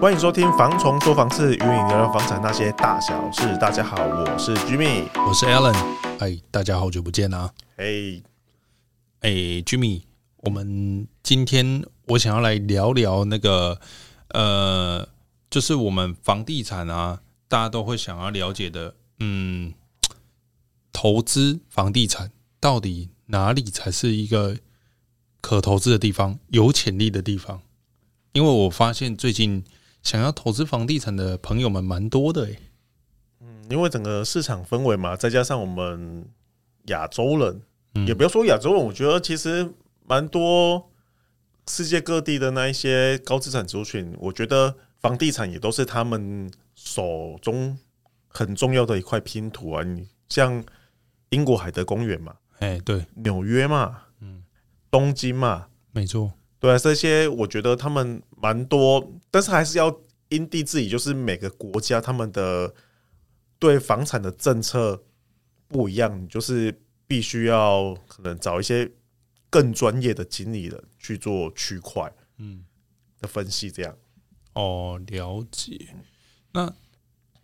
歡迎收聽《房蟲說房事》，與你聊聊房產那些大小事。大家好，我是 Jimmy，我是 Alan。哎，大家好久不見啦！Hey，欸，Jimmy，我們今天我想要來聊聊那個呃，就是我們房地產啊，大家都會想要了解的，嗯，投資房地產到底哪裡才是一個可投資的地方，有潛力的地方？因為我發現最近，想要投資房地產的朋友們蠻多的，欸、嗯，因為整個市場氛圍嘛，再加上我們亞洲人，嗯，也不要說亞洲人，我覺得其實蠻多世界各地的那一些高資產族群，我覺得房地產也都是他們手中很重要的一塊拼圖啊。你像英國海德公園嘛，誒、欸，對，紐約嘛，嗯，東京嘛，沒錯，對啊，這些我覺得他們。蠻多，但是還是要因地制宜，就是每個國家他們的對房產的政策不一樣，就是必須要可能找一些更專業的經理人去做區塊，嗯，的分析這樣、嗯。哦，了解。那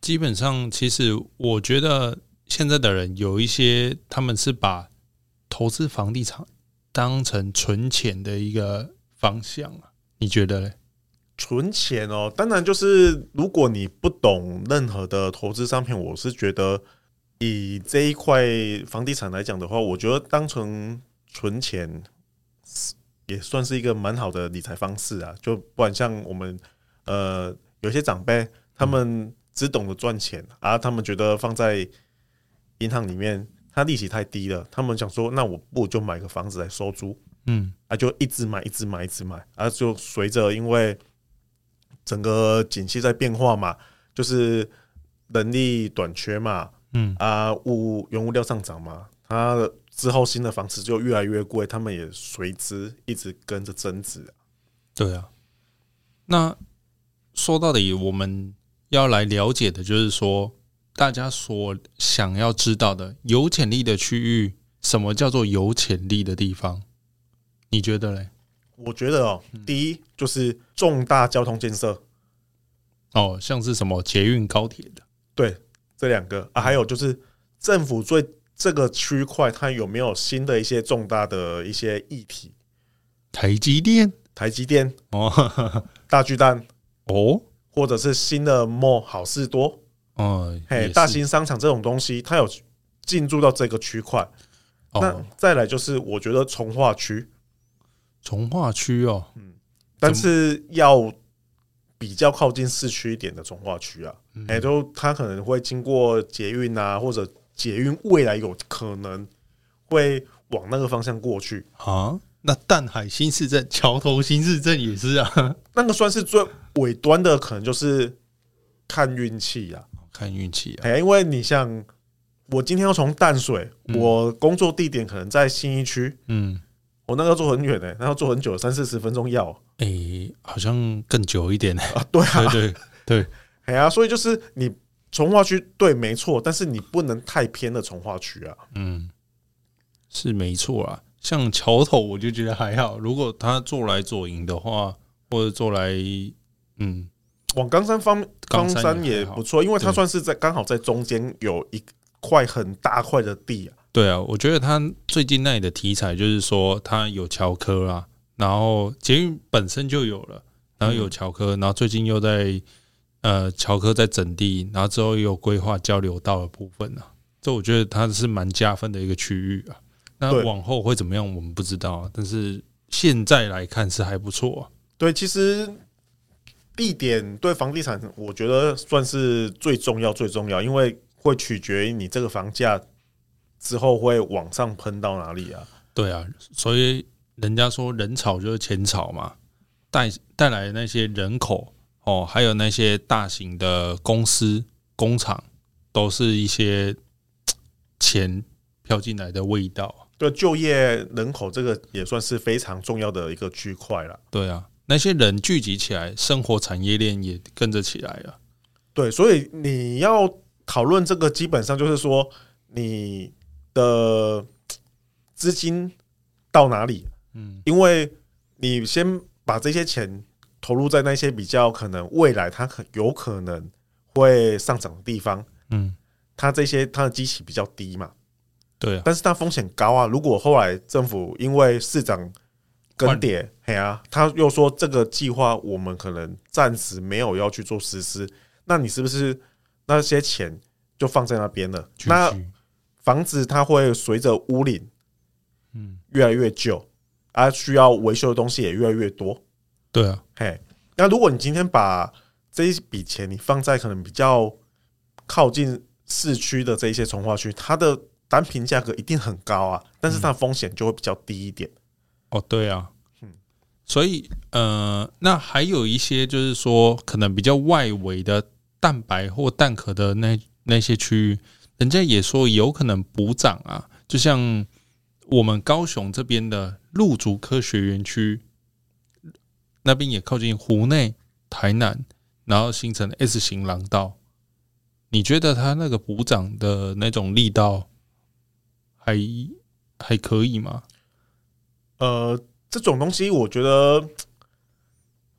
基本上，其實我覺得現在的人有一些他們是把投資房地產當成存錢的一個方向，你覺得嘞？存錢哦，當然就是如果你不懂任何的投資商品，我是覺得以這一塊房地產來講的話，我覺得當成存錢也算是一個蠻好的理財方式啊。就不管像我們呃有些長輩，他們只懂得賺錢，嗯，啊，他們覺得放在銀行裡面，他利息太低了，他們想說，那我不，不就買個房子來收租，嗯，啊就一直買，一直買，一直買，啊就隨着因為。整個景氣在變化嘛，就是人力短缺嘛，嗯啊物原物料上漲嘛，他、啊、之後新的房子就越來越貴，他們也隨之一直跟着增值。對啊，那說到底我們要來了解的就是說，大家所想要知道的有潛力的區域，什麼叫做有潛力的地方？你覺得嘞？我覺得哦、喔，嗯、第一就是。重大交通建設哦，像是什麼捷運、高鐵的，對，這兩個啊，還有就是政府對這個區塊，它有沒有新的一些重大的一些議題？台積電，台積電哦，哈哈大巨蛋哦，或者是新的 more 好事多，嗯、哦，大型商場這種東西，它有進駐到這個區塊。哦、那再來就是，我覺得重劃區，重劃區哦，嗯。但是要比較靠近市區一點的重劃區啊，也都它可能會經過捷運啊，或者捷運未來有可能會往那個方向過去啊。那淡海新市鎮、橋頭新市鎮也是啊，那個算是最尾端的，可能就是看運氣啊，看運氣哎，因為你像我今天要從淡水，嗯、我工作地點可能在信義區，嗯，我那個坐很遠的、欸，然後坐很久，三四十分鐘要。誒、欸，好像更久一點、欸、啊！對啊，對對，哎呀、 啊，所以就是你重劃區對，沒錯，但是你不能太偏了重劃區啊。嗯，是沒錯啊。像橋頭，我就覺得還好。如果他做來左營的話，或者做來，嗯，往岡山方，岡山也不錯，因為他算是在剛好在中間有一塊很大塊的地啊。對啊，我覺得他最近那裡的題材就是說他有橋科啊。然後捷運本身就有了，然後有橋科，嗯、然後最近又在呃橋科在整地，然後之後又有規劃交流道的部分啊，這我覺得它是蠻加分的一個區域啊。那往後會怎麼樣，我們不知道，對但是現在來看是還不錯啊。對，其實地點對房地產，我覺得算是最重要、最重要，因為會取決於你這個房價之後會往上噴到哪裡啊。對啊，所以。嗯人家說人潮就是錢潮嘛，帶帶來那些人口哦，還有那些大型的公司、工廠，都是一些錢飄進來的味道。對，就業人口這個也算是非常重要的一個區塊啦。對啊，那些人聚集起來，生活產業鏈也跟着起來了。對，所以你要討論這個，基本上就是說你的資金到哪裡。嗯，因為你先把這些錢投入在那些比較可能未來它可有可能會上漲的地方，嗯，它這些它的基期比較低嘛，對，但是它風險高啊。如果後來政府因為市長更迭，哎啊，他又說這個計劃我們可能暫時沒有要去做實施，那你是不是那些錢就放在那邊了？那房子它會隨着屋齡越來越舊。而需要維修的東西也越來越多，對啊，嘿，那如果你今天把這一筆錢你放在可能比較靠近市區的這一些重劃區，它的單坪價格一定很高啊，但是它的風險就會比較低一點。嗯、哦，對啊，嗯，所以呃，那還有一些就是說可能比較外圍的蛋白或蛋殼的那那些區域，人家也說有可能補漲啊，就像我們高雄這邊的路竹科學園區那邊也靠近湖內、台南，然後形成 S 型廊道，你覺得它那個補漲的那種力道還還可以嗎？呃，這種東西我覺得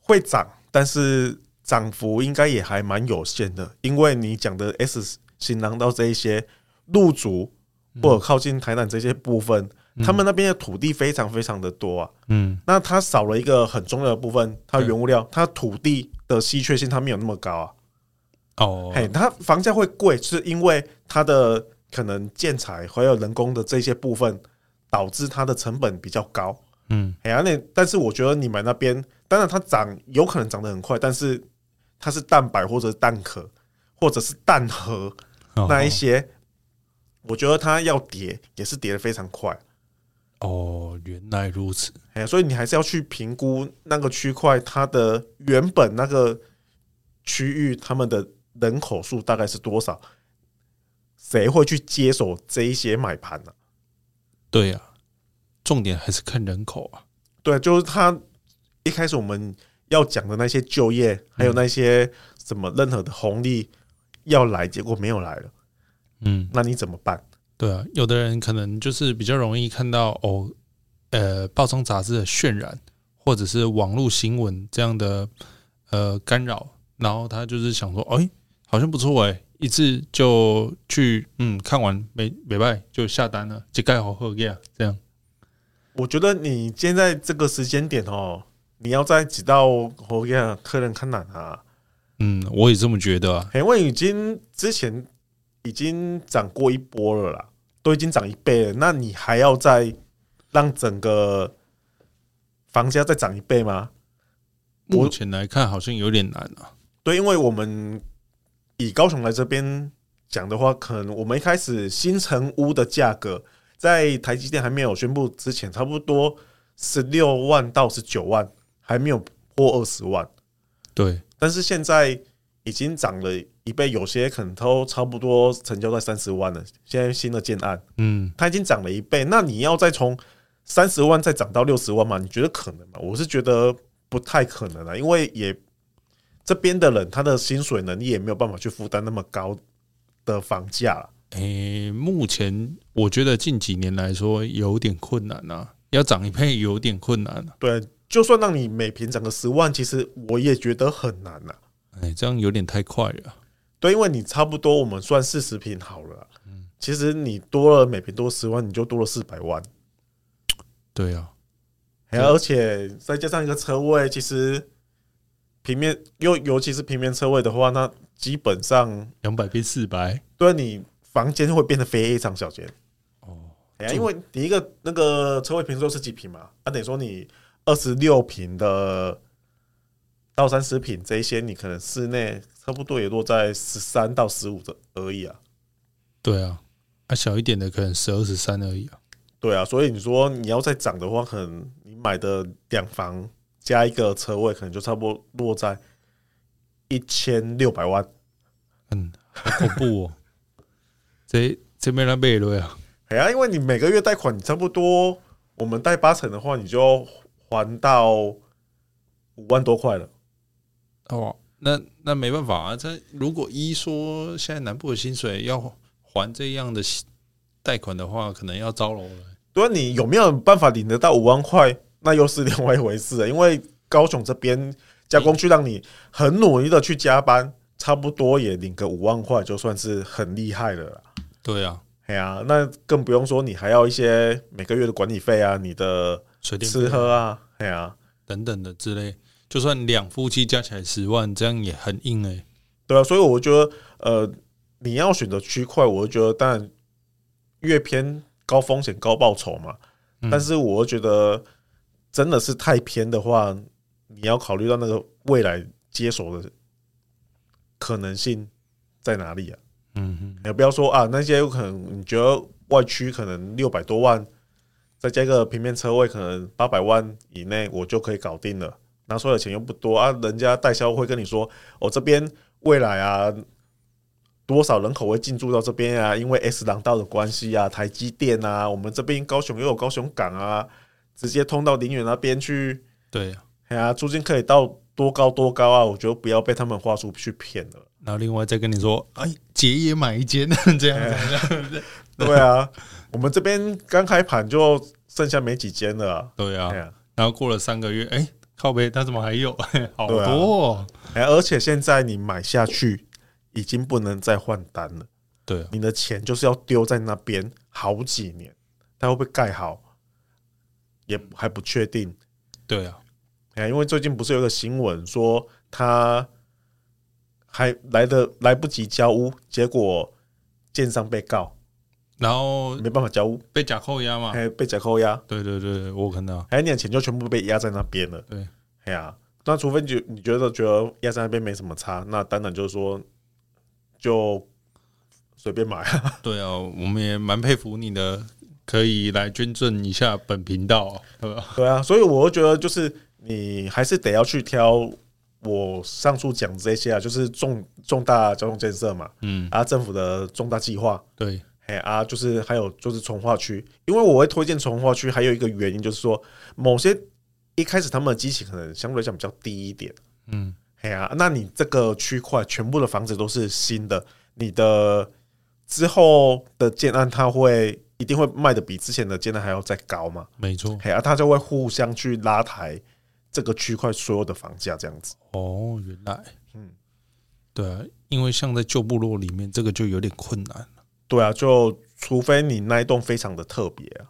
會漲，但是漲幅應該也還蠻有限的，因為你講的 S 型廊道這一些路竹或者靠近台南這些部分，嗯他們那邊的土地非常非常的多啊，嗯，那它少了一個很重要的部分，它原物料，它、嗯、土地的稀缺性它沒有那麼高啊，哦，嘿，它房價會貴，是因為它的可能建材還有人工的這些部分導致它的成本比較高，嗯，哎呀，那但是我覺得你們那邊，當然它漲有可能漲得很快，但是它是蛋白或者是蛋殼或者是蛋殼那一些，我覺得它要跌也是跌得非常快。哦，原來如此。哎、欸，所以你還是要去評估那個區塊，它的原本那個區域，他們的人口數大概是多少？誰會去接手這一些買盤呢、啊？對啊，重點還是看人口啊。對，就是他一開始我們要講的那些就業，還有那些什麼任何的紅利要來，結果沒有來了。嗯，那你怎麼辦？對啊，有的人可能就是比較容易看到哦，呃，報章雜誌的渲染，或者是網絡新聞這樣的呃干擾，然後他就是想說，哎、哦，好像不錯哎，一次就去嗯看完沒沒拜就下單了，就件好後嘢這樣。我覺得你現在這個時間點哦，你要再幾道後嘢客人看哪啊？嗯，我也這麼覺得啊。因為已經之前。已經漲過一波了啦，都已經漲一倍了。那你還要再讓整個房價再漲一倍嗎？目前來看，好像有點難啊。對，因為我們以高雄來這邊講的話，可能我們一開始新成屋的價格，在台積電還沒有宣布之前，差不多十六萬到十九萬，還沒有破二十萬。對，但是現在。已經漲了一倍，有些可能都差不多成交在三十萬了。現在新的建案，嗯，它已經漲了一倍，那你要再從三十萬再漲到六十萬嗎？你覺得可能嗎？我是覺得不太可能啊，因為也這邊的人他的薪水能力也沒有辦法去負擔那麼高的房價。誒、欸，目前我覺得近幾年來說有點困難啊，要漲一倍有點困難啊。對，就算讓你每平漲個十萬，其實我也覺得很難啊。哎、欸，這樣有點太快了，啊。對，因為你差不多我們算四十平好了。嗯，其實你多了每平多十萬，你就多了四百萬對，啊。對啊，而且再加上一個車位，其實平面又尤其是平面車位的話，那基本上兩百變四百。x 對，你房間會變得非常小間。哦，因為你一個那個車位平時都是幾平嘛，那、啊、等於說你二十六平的。到三十平這一些，你可能室內差不多也落在十三到十五的而已啊。對啊，啊小一點的可能十二十三而已啊。對啊，所以你說你要再漲的話，可能你買的兩房加一個車位，可能就差不多落在一千六百萬。嗯，好恐怖哦。這這邊那邊也得啊。哎呀，因為你每個月貸款，你差不多我們貸八成的話，你就還到五萬多塊了。哦，那那沒辦法啊！這如果一說現在南部的薪水要還這樣的貸款的話，可能要糟了。對啊，你有沒有辦法領得到五萬塊？那又是另外一回事，欸。因為高雄這邊加工區讓你很努力的去加班，差不多也領個五萬塊，就算是很厲害的了。對啊，對啊，那更不用說你還要一些每個月的管理費啊，你的吃喝啊，對啊，便便等等的之類。就算兩夫妻加起來十萬，這樣也很硬誒、欸。對啊，所以我覺得，呃，你要選擇區塊，我就覺得當然越偏高風險高報酬嘛。嗯、但是我覺得，真的是太偏的話，你要考慮到那個未來接手的可能性在哪裡啊？嗯哼，也不要說啊，那些有可能你覺得外區可能六百多萬，再加一個平面車位可能八百萬以內，我就可以搞定了。拿出的錢又不多啊，人家代銷會跟你說，哦，這邊未來啊，多少人口會進駐到這邊啊？因為 S 廊道的關係啊，台積電啊，我們這邊高雄又有高雄港啊，直接通到林園那邊去。對，啊，呀、啊，租金可以到多高多高啊？我覺得不要被他們話術去騙了。然後另外再跟你說，哎，姐也買一間這樣子。對啊，我們這邊剛開盤就剩下沒幾間了、啊。對啊，對啊，然後過了三個月，哎、欸。靠北，他怎麼還有？ 好多哦啊，而且現在你買下去，已經不能再換單了。對啊，你的錢就是要丟在那邊好幾年，他會不會蓋好，也還不確定。對啊，因為最近不是有個新聞說，他還來的來不及交屋，結果建商被告。然後沒辦法交，被假扣押嘛？哎，被假扣押，對對對，我看到，還有、欸、你的錢就全部被壓在那邊了。對，哎呀、啊，那除非就你覺得覺得壓在那邊沒什麼差，那當然就是說就隨便買，啊。對啊，我們也蠻佩服你的，可以來捐贈一下本頻道，哦，對吧？對啊，所以我就覺得就是你還是得要去挑我上述講這些啊，就是重重大交通建設嘛，嗯，啊，政府的重大計劃，對。哎、hey, 啊，就是還有就是重劃區。因為我會推薦重劃區，還有一個原因就是說，某些一開始他們的基期可能相對來講比較低一點。嗯，哎呀，那你這個區塊全部的房子都是新的，你的之後的建案，它會一定會賣的比之前的建案還要再高嗎？沒錯，哎啊，他就會互相去拉抬這個區塊所有的房價，這樣子。哦，原來，嗯，對、啊，因為像在舊部落裡面，這個就有點困難了對啊，就除非你那一棟非常的特別啊，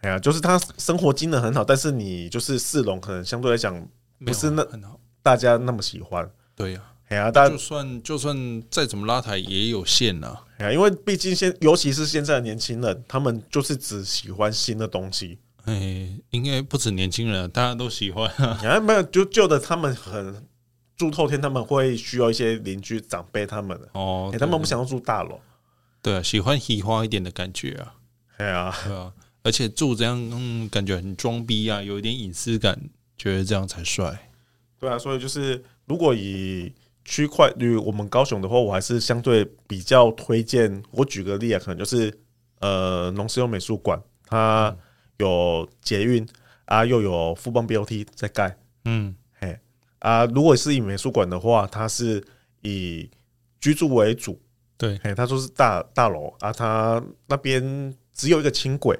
哎呀、啊，就是他生活機能很好，但是你就是四樓，可能相對來講不是那很好，大家那麼喜歡，對呀、啊，哎呀、啊，就算他就算再怎麼拉抬也有限哎、啊、呀、啊，因為畢竟現尤其是現在的年輕人，他們就是只喜歡新的東西，哎、欸，應該不只年輕人，大家都喜歡啊，啊，沒有就舊的，得他們很住透天，他們會需要一些鄰居長輩他們哦、欸，他們不想要住大樓。對、啊，喜歡喜歡一點的感覺啊，哎呀，對啊，而且住這樣，嗯，感覺很裝逼啊，有一點隱私感，覺得這樣才帥。對啊，所以就是，如果以區塊，與我們高雄的話，我還是相對比較推薦。我舉個例啊，可能就是，呃，農事用美術館，它有捷運啊，又有富邦標 o 在蓋，嗯，嗯，嘿，啊，如果是以美術館的話，它是以居住為主。對，他就是大大樓啊，他那邊只有一個輕軌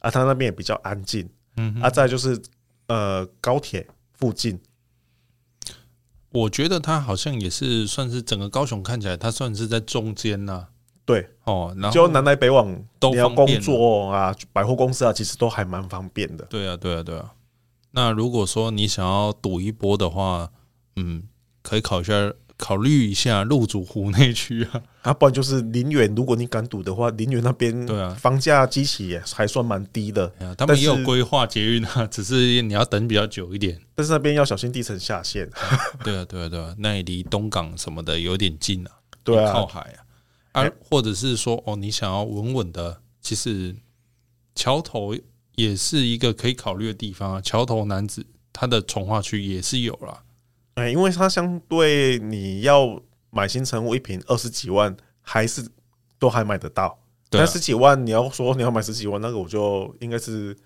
啊，他那邊也比較安靜，嗯哼，啊，再就是呃高鐵附近，我覺得他好像也是算是整個高雄看起來，他算是在中間呢、啊。對，哦，然後就南來北往，都你要工作啊，百貨公司啊，其實都還蠻方便的。對啊，對啊，對啊。那如果說你想要賭一波的話，嗯，可以考一下。考慮一下路竹湖內區啊，啊，不然就是林園，如果你敢賭的話，林園那邊對啊，房價基期還算蠻低的。他們也有規劃捷運啊，是只是你要等比較久一點。但是那邊要小心地層下陷。 對啊，對啊，對啊，那也離東港什麼的有點近啊，對啊，靠海啊，啊，欸、或者是說哦，你想要穩穩的，其實橋頭也是一個可以考慮的地方啊。橋頭楠梓他的重劃區也是有啦。哎、欸，因為它相對你要買新成屋一坪二十幾萬，還是都還買得到。對、啊，十幾萬你要說你要買十幾萬，那個我就應該是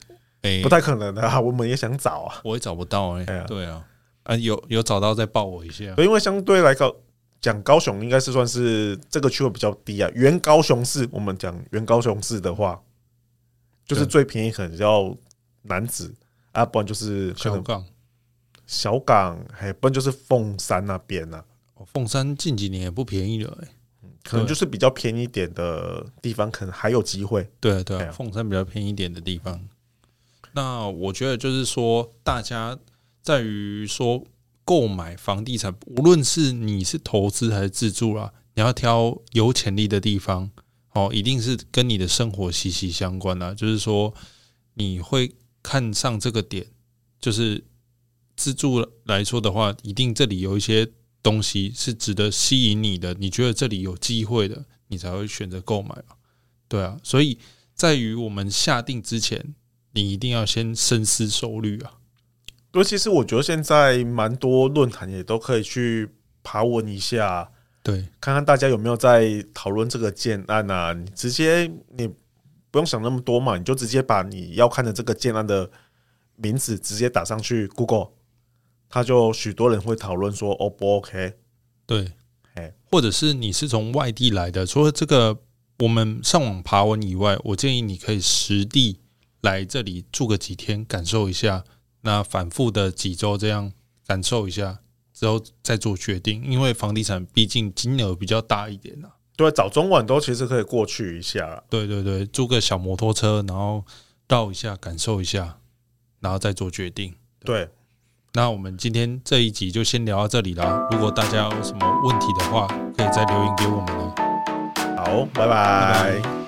不太可能的、啊。欸、我們也想找啊，我也找不到哎、欸。對啊,對啊，啊有有找到再報我一下、啊對。因為相對來講，講高雄應該是算是這個區位比較低啊。原高雄市我們講原高雄市的話，就是最便宜可能要楠梓對啊，不然就是小港，還不然就是鳳山那邊呢、啊。哦、鳳山近幾年也不便宜了、欸，嗯，可能就是比較便宜點的地方，可能還有機會。對對，鳳山比較便宜一點的地方。那我覺得就是說，大家在於說購買房地產，無論是你是投資還是自住啦，你要挑有潛力的地方。哦，一定是跟你的生活息息相關啊，就是說你會看上這個點，就是。自住來說的話，一定這裡有一些東西是值得吸引你的。你覺得這裡有機會的，你才會選擇購買。對啊，所以在於我們下定之前，你一定要先深思熟慮啊。尤其是我覺得現在蠻多論壇也都可以去爬文一下，對，看看大家有沒有在討論這個建案啊。你直接，你不用想那麼多嘛，你就直接把你要看的這個建案的名字直接打上去 Google。他就許多人會討論說哦、oh, 不 OK，對，嘿或者是你是從外地來的，除了這個我們上網爬文以外，我建議你可以實地來這裡住個幾天，感受一下。那反覆的幾周這樣感受一下之後再做決定，因為房地產畢竟金額比較大一點呢、啊。對，早中晚都其實可以過去一下。對對對，租個小摩托車然後繞一下，感受一下，然後再做決定。對。對那我們今天這一集就先聊到這裡了。如果大家有什麼問題的話，可以再留言給我們哦。好，拜拜，拜拜。